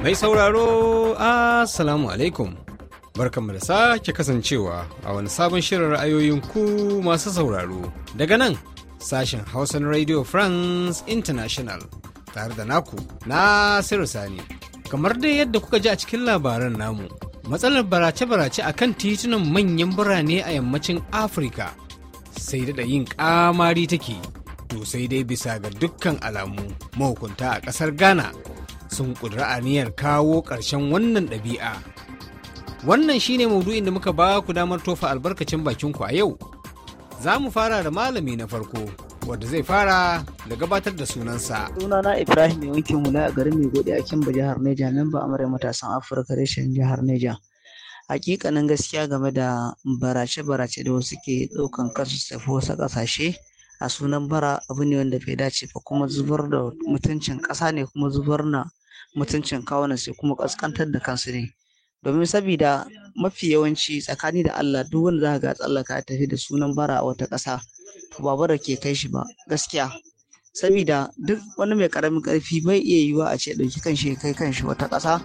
Mai sauraro, Assalamu alaikum. Barkanmu da sake kasancewa a wani sabon shirin ra'ayoyin ku masu sauraro. Daga nan, sashen Hausan Radio France International tare da naku Nasiru Sani. Kamar dai yadda kuka ji a cikin labaran namu, matsalar barace-barace a kan titunan manyan birane a yammacin Afirka sai da yin ƙamari take. to sai dai bisa ga dukkan alamu mahukunta a ƙasar ghana sun a aniyar kawo ƙarshen wannan ɗabi'a wannan shine maudu'in da muka ba ku damar tofa albarkacin bakin ku a yau za mu fara da malami na farko wanda zai fara da gabatar da sunansa. Sunana Ibrahim mai wankin hula a garin mai gode a Kimba jihar Neja nan ba amurai matasan Afirka reshen jihar Neja. Hakikanin gaskiya game da barace-barace da wasu ke ɗaukan kasu tafi wasu ƙasashe a sunan bara abu ne wanda bai dace ba kuma zubar da mutuncin ƙasa ne kuma zubar na mutuncin kawunan sai kuma ƙasƙantar da kansu ne domin sabida mafi yawanci tsakani da Allah duk wanda za ga tsallaka ya tafi da sunan bara a wata ƙasa to ba bara ke kai shi ba gaskiya sabida duk wani mai ƙaramin ƙarfi bai iya yiwuwa a ce ɗauki kan shi kai kan shi wata ƙasa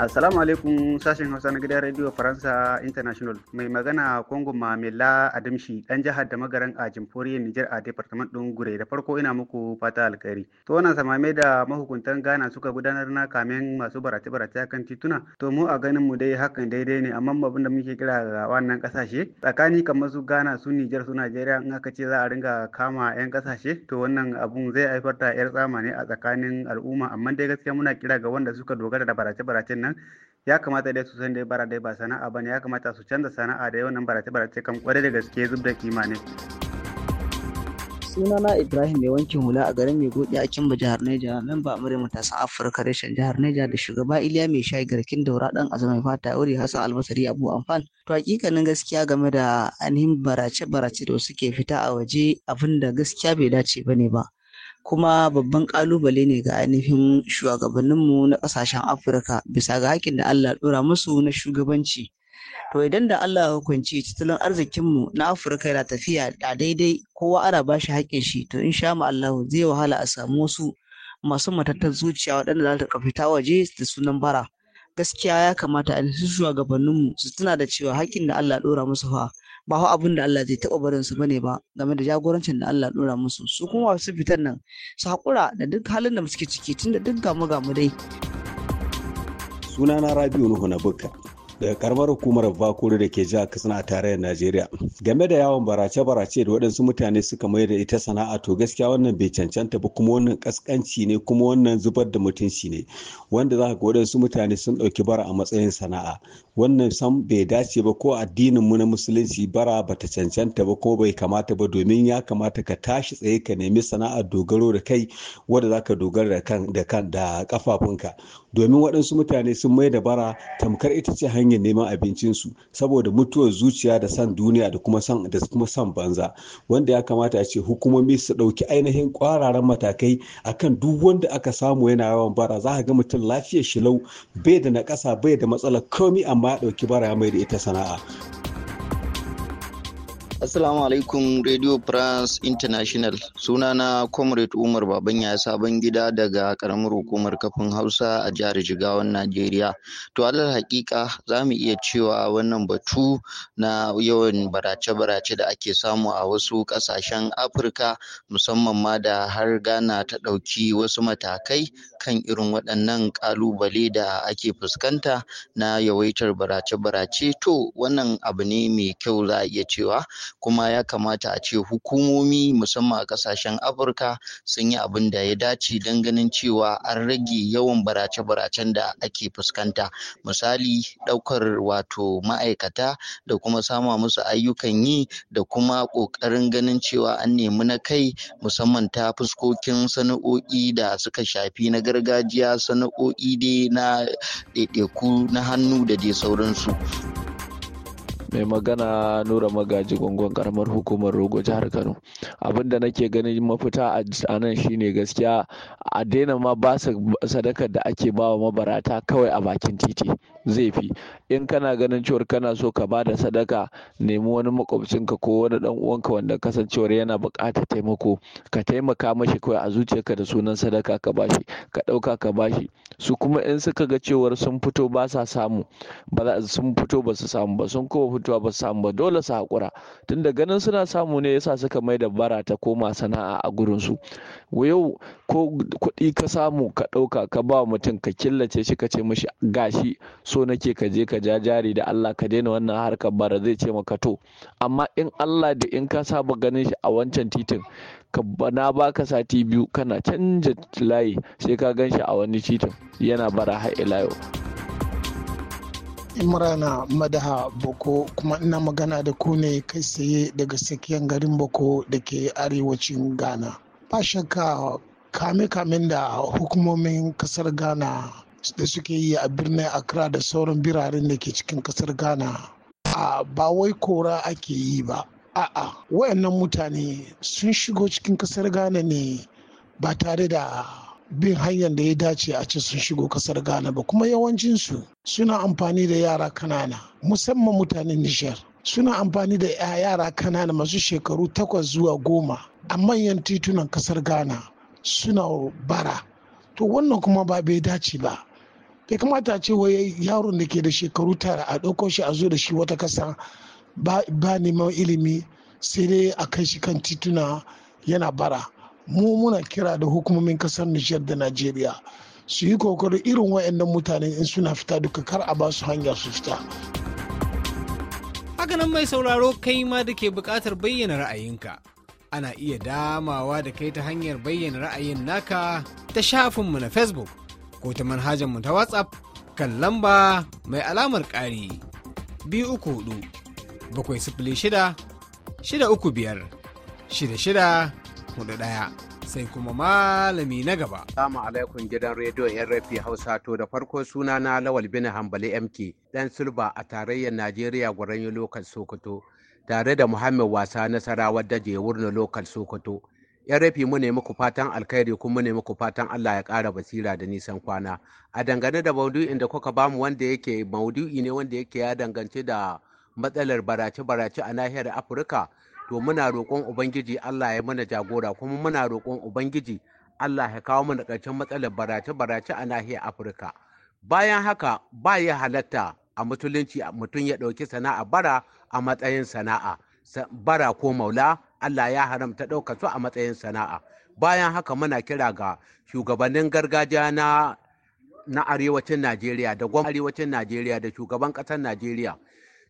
Assalamu alaikum sashen Hausa na gidan Radio Faransa International. Mai magana Kongo Mamela Adamshi dan jihar da magaran a Jamhuriyar Nijar a Departement ɗin Gure. Da farko ina muku fata alkhairi. To wannan samame da mahukuntan Ghana suka gudanar na kamen masu barace-barace kan tituna. To mu a ganin mu dai hakan daidai ne amma abin da muke kira ga wannan kasashe tsakani kamar su Ghana su Nijar su Najeriya in aka ce za a ringa kama 'yan kasashe to wannan abun zai haifar da 'yar tsama ne a tsakanin al'umma amma dai gaskiya muna kira ga wanda suka dogara da barace barace nan kenan ya kamata dai su san dai bara dai ba sana'a bane ya kamata su canza sana'a da yawan barace barace kan kwarai da gaske zub da kima ne sunana ibrahim mai wankin hula a garin mai a kimba jihar neja memba amurai matasan afirka reshen jihar neja da shugaba iliya mai shayi garkin daura dan azumi fata wuri hassan almasari abu amfan to hakikanin gaskiya game da ainihin barace barace da suke fita a waje abin da gaskiya bai dace ne ba kuma babban ƙalubale ne ga ainihin shugabanninmu na ƙasashen afirka bisa ga haƙƙin da allah ɗora musu na shugabanci to idan da allah ya hukunci tattalin arzikinmu na afirka yana tafiya da daidai kowa ana ba shi haƙƙin shi to in insha Allah zai wahala a samu wasu masu matattar zuciya waɗanda za ta kafita waje da sunan bara gaskiya ya kamata a shugabanninmu su tuna da cewa haƙƙin da allah ɗora musu fa ba hau abin da Allah zai taɓa barin su bane ba game da jagorancin da Allah ɗora musu su kuma su fitan nan su haƙura da duk halin da suke ciki tun da duk gamu gamu dai. Sunana Rabiu Nuhu na Bukka. daga karamar hukumar bakuri da ke jihar katsina a tarayyar najeriya game da yawon barace-barace da waɗansu mutane suka mai da ita sana'a to gaskiya wannan bai cancanta ba kuma wannan kaskanci ne kuma wannan zubar da mutunci ne wanda za ga waɗansu mutane sun ɗauki bara a matsayin sana'a wannan san bai dace ba ko addinin mu na musulunci bara bata cancanta ba ko bai kamata ba domin ya kamata ka tashi tsaye ka nemi sana'ar dogaro da kai wadda zaka dogara da kan da kan da kafafunka domin waɗansu mutane sun mai da bara tamkar ita ce hanyar neman abincinsu saboda mutuwar zuciya da san duniya da kuma san da kuma san banza wanda ya kamata a ce hukumomi su ɗauki ainihin kwararren matakai akan duk wanda aka samu yana yawan bara za ka ga mutum lafiyar shi bai da na ƙasa bai da matsalar komi amma ɗauki bara mai da ita sana'a Assalamu alaikum Radio France International. Sunana Comrade Umar ya sabon gida daga karamar hukumar kafin Hausa a jihar Jigawan Najeriya. To alal hakika za mu iya cewa wannan batu na yawan barace-barace da ake samu a wasu ƙasashen Afirka musamman ma da har Ghana ta ɗauki wasu matakai kan irin waɗannan ƙalubale da ake fuskanta na yawaitar barace-barace to wannan abu ne mai kyau za a iya cewa kuma ya kamata a ce hukumomi musamman a kasashen afirka sun yi abin da ya dace don ganin cewa an rage yawan barace-baracen da ake fuskanta misali ɗaukar wato ma'aikata da kuma sama musu ayyukan yi da kuma ƙoƙarin ganin cewa an nemi na kai musamman ta fuskokin sana'o'i da suka shafi na gargajiya sana'o'i dai na ɗaiɗaiku na hannu da dai sauransu. mai magana nura magaji gungun karamar hukumar rogo jihar kano abin da nake ganin mafita a nan shine gaskiya a daina ma ba sadaka da ake ba wa mabarata kawai a bakin titi zai fi in kana ganin cewar kana so ka ba da sadaka nemi wani makwabcinka ko wani dan uwanka wanda kasancewar yana buƙatar taimako ka taimaka mashi kawai a zuciyarka da sunan sadaka ka bashi ka ɗauka ka bashi su kuma in suka ga cewar sun fito ba sa samu sun fito ba su samu ba sun kowa fitowa ba su samu ba dole su haƙura tunda ganin suna samu ne yasa suka mai da bara ta koma sana'a a gurin su yau ko kuɗi ka samu ka ɗauka ka ba mutum ka killace shi ka ce mishi gashi so nake ka je ka ja jari da Allah ka daina wannan harkar bara zai ce maka to amma in Allah da in ka saba ganin shi a wancan titin ka na baka sati biyu kana canja layi sai ka gan shi a wani titin yana bara har ila yau imrana madaha boko kuma ina magana da ku ne kai tsaye daga tsakiyar garin boko da ke arewacin ghana ba shakka kame-kamen da hukumomin kasar ghana da suke yi a birnin accra da sauran biranen da ke cikin kasar ghana a ba wai kora ake yi ba a'a wayannan mutane sun shigo cikin kasar ghana ne ba tare da bin hanyar da ya dace a ce sun shigo kasar ghana ba kuma yawancinsu suna amfani da yara kanana musamman mutanen nijar suna amfani da yara kanana masu shekaru takwas zuwa goma a manyan titunan kasar ghana suna bara to wannan kuma ba bai dace ba bai kamata ce wai yaron da ke da shekaru tara a ɗauko shi a zo da shi wata kasa ba neman ilimi sai dai a kai shi kan tituna yana bara mu muna kira da hukumomin kasar Nijar da Najeriya su yi kokari irin waɗannan mutane in suna fita duka kar a ba su hanya su fita. Hakanan mai sauraro kai ma da ke buƙatar bayyana ra'ayinka. Ana iya damawa da kai ta hanyar bayyana ra'ayin naka ta shafinmu na Facebook ko ta manhajarmu ta WhatsApp kan lamba mai alamar ƙari biyu uku hudu bakwai sifili shida shida uku biyar shida shida ɗaya sai kuma malami na gaba. Salamu alaikum gidan rediyo rafi Hausa to da farko suna na Lawal Bini Hambali MK ɗan Sulba a tarayyar Najeriya Gwaranyo Lokal Sokoto tare da Muhammad Wasa da je wurin Lokal Sokoto. RFI mu ne muku fatan alkhairi kuma mu ne muku fatan Allah ya ƙara basira da nisan kwana. A dangane da maudu'in da kuka bamu wanda yake maudu'i ne wanda yake ya dangance da matsalar barace-barace a nahiyar Afirka to muna roƙon ubangiji Allah ya mana jagora kuma muna roƙon ubangiji Allah ya kawo mana ƙarshen matsalar barace-barace a nahiyar Afirka bayan haka ba ya halatta a musulunci mutum ya ɗauki sana'a bara a matsayin sana'a bara ko maula Allah ya haramta ɗauka su a matsayin sana'a bayan haka muna kira ga shugabannin gargajiya na na arewacin Najeriya da gwamnatin arewacin Najeriya da shugaban ƙasar Najeriya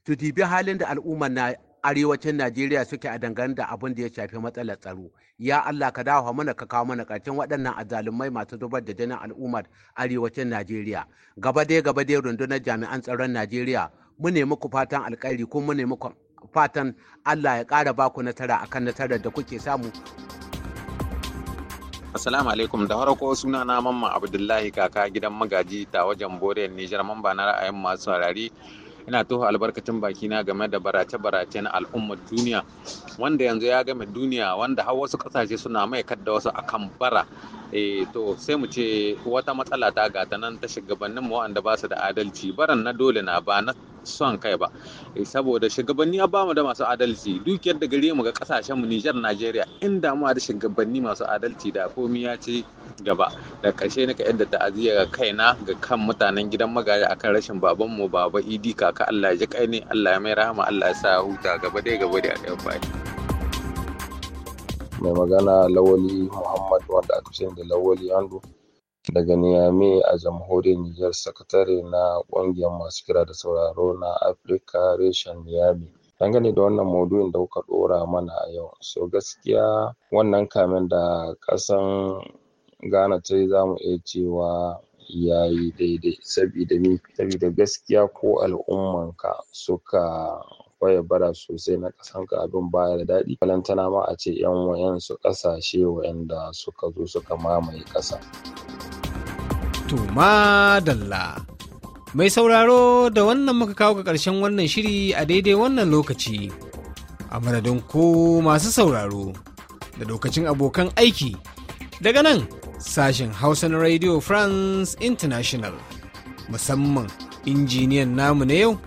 su dibi halin da al'umma na. arewacin Najeriya suke a dangane da abin da ya shafi matsalar tsaro. Ya Allah ka dawo mana ka kawo mana ƙarfin waɗannan azalumai masu zubar da jinin al'ummar arewacin Najeriya. Gaba dai gaba dai rundunar jami'an tsaron Najeriya mu ne muku fatan alƙairi ko mu ne muku fatan Allah ya ƙara baku nasara akan nasarar da kuke samu Assalamu alaikum da farko suna na mamman Abdullahi kaka gidan magaji ta wajen Borel Nijar mamba na ra'ayin masu sarari ina toho albarkacin bakina game da barace-barace na al'ummar duniya wanda yanzu ya game duniya wanda har wasu kasashe suna mai kadda wasu a kan bara e, to sai mu ce wata matsala ta gata nan ta shugabannin mu wanda ba su da adalci baran na dole na ba na son kai ba eh, saboda shugabanni ya bamu da masu adalci dukiyar da gare mu ga kasashen mu Niger Najeriya inda mu da shugabanni masu adalci da komi ya ce gaba da karshe nika yadda ta'aziyya ga kaina ga kan mutanen gidan magari akan rashin baban mu baba Idi kaka Allah ya ji kai ne Allah ya mai rahama Allah ya sa huta gaba dai gaba dai a ɗayan bai mai magana lawali Muhammad wanda aka sani da lawali Andu Daga niyami a Jamhuriyar Nijar, Sakatare na ƙungiyar masu kira da sauraro na Afirka reshen Niamey. Dangane da wannan maudu'in da kuka ɗora mana a yau, so gaskiya wannan kamen da ƙasan Ghana ta yi za mu iya cewa ya yi daidai sabida me sabida gaskiya ko al'ummanka suka kwaya bara sosai na ka abin baya da daɗi balantana ma a ce 'yan wayansu ƙasashe wa'yanda suka zo suka mamaye ƙasa. To madalla. Mai sauraro da wannan muka kawo ga ƙarshen wannan shiri a daidai wannan lokaci. A madadin ko masu sauraro da lokacin abokan aiki daga nan sashen Hausan na Radio France International musamman injiniyan namu na yau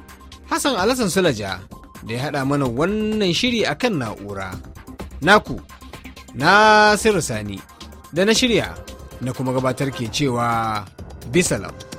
Hassan Alassan Sulaja da ya haɗa mana wannan shiri a kan na'ura. Naku, Nasiru Sani, da na shirya. na kuma gabatar ke cewa bisalam.